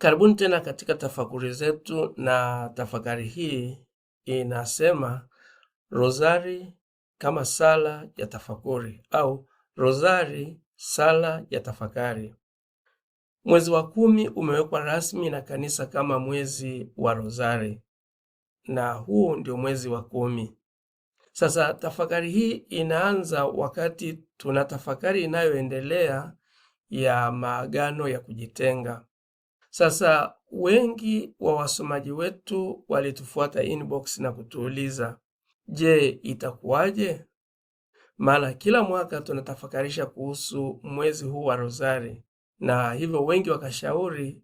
Karibuni tena katika tafakuri zetu, na tafakari hii inasema rozari kama sala ya tafakuri au rozari sala ya tafakari. Mwezi wa kumi umewekwa rasmi na kanisa kama mwezi wa rozari, na huu ndio mwezi wa kumi. Sasa tafakari hii inaanza wakati tuna tafakari inayoendelea ya maagano ya kujitenga sasa wengi wa wasomaji wetu walitufuata inbox na kutuuliza, je, itakuwaje? Maana kila mwaka tunatafakarisha kuhusu mwezi huu wa Rozari, na hivyo wengi wakashauri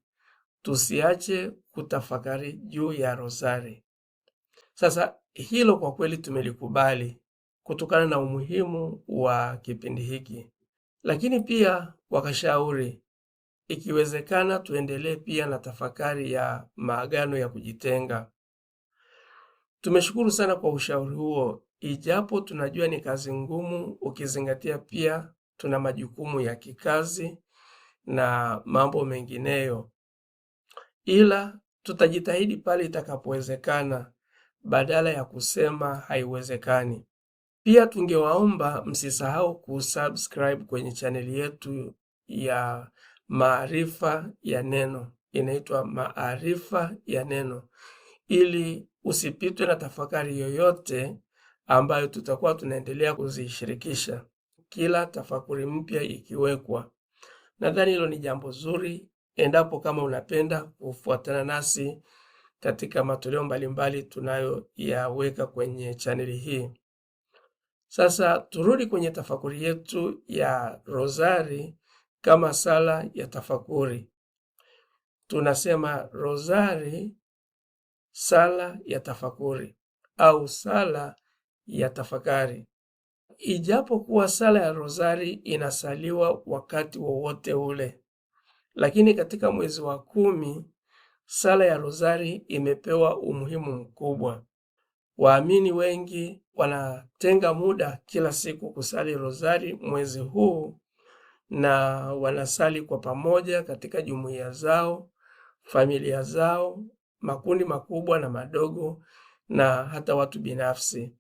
tusiache kutafakari juu ya Rozari. Sasa hilo kwa kweli tumelikubali kutokana na umuhimu wa kipindi hiki, lakini pia wakashauri Ikiwezekana tuendelee pia na tafakari ya maagano ya kujitenga. Tumeshukuru sana kwa ushauri huo, ijapo tunajua ni kazi ngumu, ukizingatia pia tuna majukumu ya kikazi na mambo mengineyo, ila tutajitahidi pale itakapowezekana badala ya kusema haiwezekani. Pia tungewaomba msisahau kusubscribe kwenye chaneli yetu ya maarifa ya neno, inaitwa maarifa ya neno, ili usipitwe na tafakari yoyote ambayo tutakuwa tunaendelea kuzishirikisha kila tafakuri mpya ikiwekwa. Nadhani hilo ni jambo zuri, endapo kama unapenda kufuatana nasi katika matoleo mbalimbali tunayoyaweka kwenye chaneli hii. Sasa turudi kwenye tafakuri yetu ya Rozari kama sala ya tafakuri. Tunasema rozari, sala ya tafakuri au sala ya tafakari. Ijapokuwa sala ya rozari inasaliwa wakati wowote ule, lakini katika mwezi wa kumi sala ya rozari imepewa umuhimu mkubwa. Waamini wengi wanatenga muda kila siku kusali rozari mwezi huu na wanasali kwa pamoja katika jumuiya zao, familia zao, makundi makubwa na madogo na hata watu binafsi.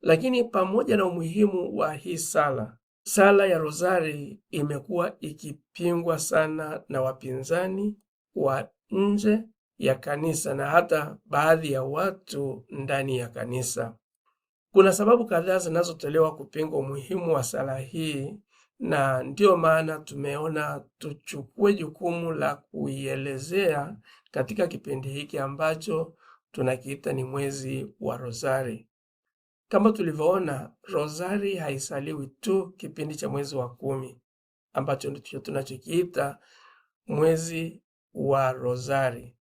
Lakini pamoja na umuhimu wa hii sala, sala ya Rozari imekuwa ikipingwa sana na wapinzani wa nje ya kanisa na hata baadhi ya watu ndani ya kanisa. Kuna sababu kadhaa zinazotolewa kupinga umuhimu wa sala hii na ndiyo maana tumeona tuchukue jukumu la kuielezea katika kipindi hiki ambacho tunakiita ni mwezi wa Rozari. Kama tulivyoona, Rozari haisaliwi tu kipindi cha mwezi wa kumi ambacho ndicho tunachokiita mwezi wa Rozari.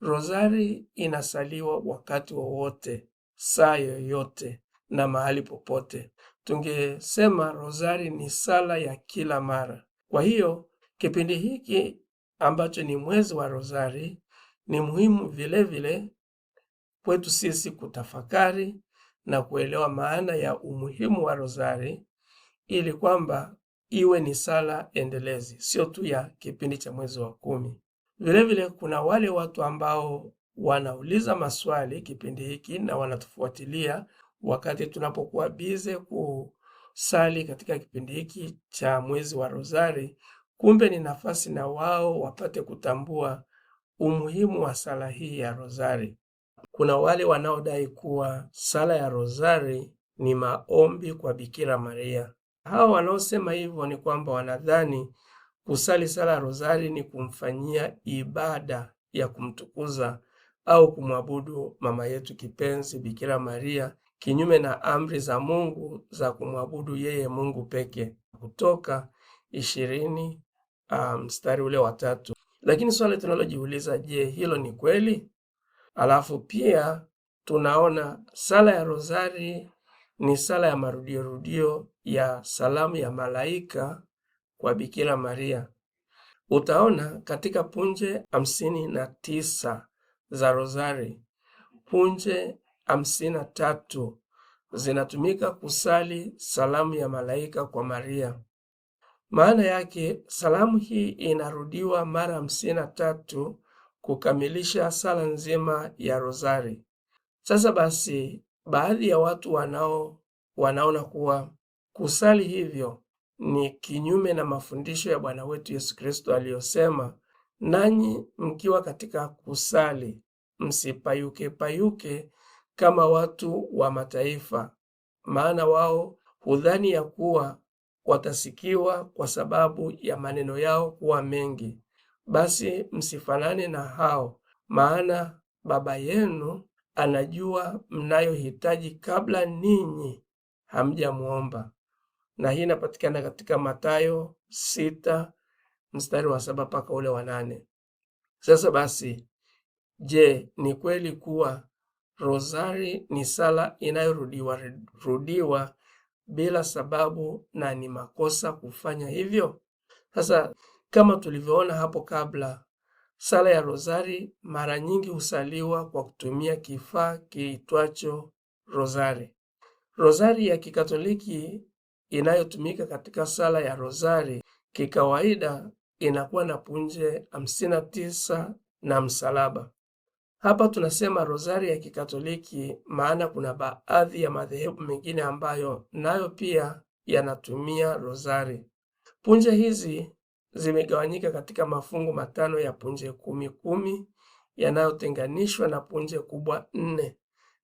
Rozari inasaliwa wakati wowote, saa yoyote, na mahali popote. Tungesema rozari ni sala ya kila mara. Kwa hiyo kipindi hiki ambacho ni mwezi wa rozari ni muhimu vilevile kwetu sisi kutafakari na kuelewa maana ya umuhimu wa rozari ili kwamba iwe ni sala endelezi, sio tu ya kipindi cha mwezi wa kumi. Vilevile kuna wale watu ambao wanauliza maswali kipindi hiki na wanatufuatilia wakati tunapokuwa bize kusali katika kipindi hiki cha mwezi wa Rozari, kumbe ni nafasi na wao wapate kutambua umuhimu wa sala hii ya Rozari. Kuna wale wanaodai kuwa sala ya Rozari ni maombi kwa Bikira Maria. Hawa wanaosema hivyo ni kwamba wanadhani kusali sala ya Rozari ni kumfanyia ibada ya kumtukuza au kumwabudu mama yetu kipenzi Bikira Maria kinyume na amri za Mungu za kumwabudu yeye Mungu peke. Kutoka ishirini ah, mstari um, ule wa tatu. Lakini swali tunalojiuliza, je, hilo ni kweli? Alafu pia tunaona sala ya rozari ni sala ya marudiorudio ya salamu ya malaika kwa Bikira Maria. Utaona katika punje hamsini na tisa za rozari punje hamsini na tatu zinatumika kusali salamu ya malaika kwa Maria. Maana yake salamu hii inarudiwa mara hamsini na tatu kukamilisha sala nzima ya rozari. Sasa basi, baadhi ya watu wanao wanaona kuwa kusali hivyo ni kinyume na mafundisho ya Bwana wetu Yesu Kristo aliyosema, nanyi mkiwa katika kusali msipayuke payuke kama watu wa mataifa, maana wao hudhani ya kuwa watasikiwa kwa sababu ya maneno yao kuwa mengi. Basi msifanane na hao, maana Baba yenu anajua mnayohitaji kabla ninyi hamjamwomba. Na hii inapatikana katika Mathayo sita mstari wa saba mpaka ule wa nane. Sasa basi, je, ni kweli kuwa Rozari ni sala inayorudiwa rudiwa bila sababu na ni makosa kufanya hivyo. Sasa kama tulivyoona hapo kabla, sala ya rozari mara nyingi husaliwa kwa kutumia kifaa kiitwacho rozari. Rozari ya Kikatoliki inayotumika katika sala ya rozari kikawaida inakuwa na punje 59 na msalaba. Hapa tunasema rozari ya Kikatoliki, maana kuna baadhi ya madhehebu mengine ambayo nayo pia yanatumia rozari. Punje hizi zimegawanyika katika mafungu matano ya punje kumi kumi yanayotenganishwa na punje kubwa nne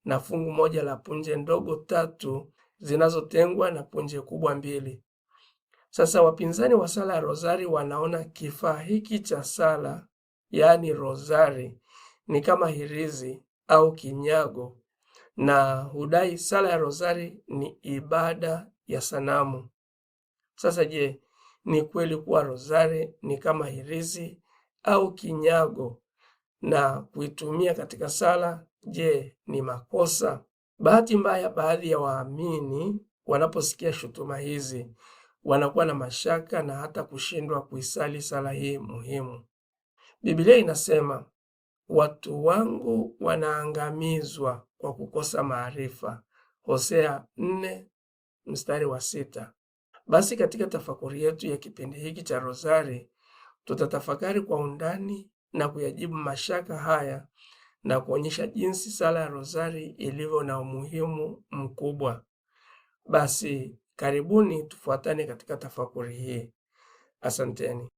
na fungu moja la punje ndogo tatu zinazotengwa na punje kubwa mbili. Sasa wapinzani wa sala ya rozari wanaona kifaa hiki cha sala, yaani rozari, ni kama hirizi au kinyago na hudai sala ya rozari ni ibada ya sanamu. Sasa je, ni kweli kuwa rozari ni kama hirizi au kinyago na kuitumia katika sala, je, ni makosa? Bahati mbaya, baadhi ya waamini wanaposikia shutuma hizi wanakuwa na mashaka na hata kushindwa kuisali sala hii muhimu. Biblia inasema watu wangu wanaangamizwa kwa kukosa maarifa. Hosea nne mstari wa sita. Basi katika tafakuri yetu ya kipindi hiki cha Rozari tutatafakari kwa undani na kuyajibu mashaka haya na kuonyesha jinsi sala ya Rozari ilivyo na umuhimu mkubwa. Basi karibuni tufuatane katika tafakuri hii. Asanteni.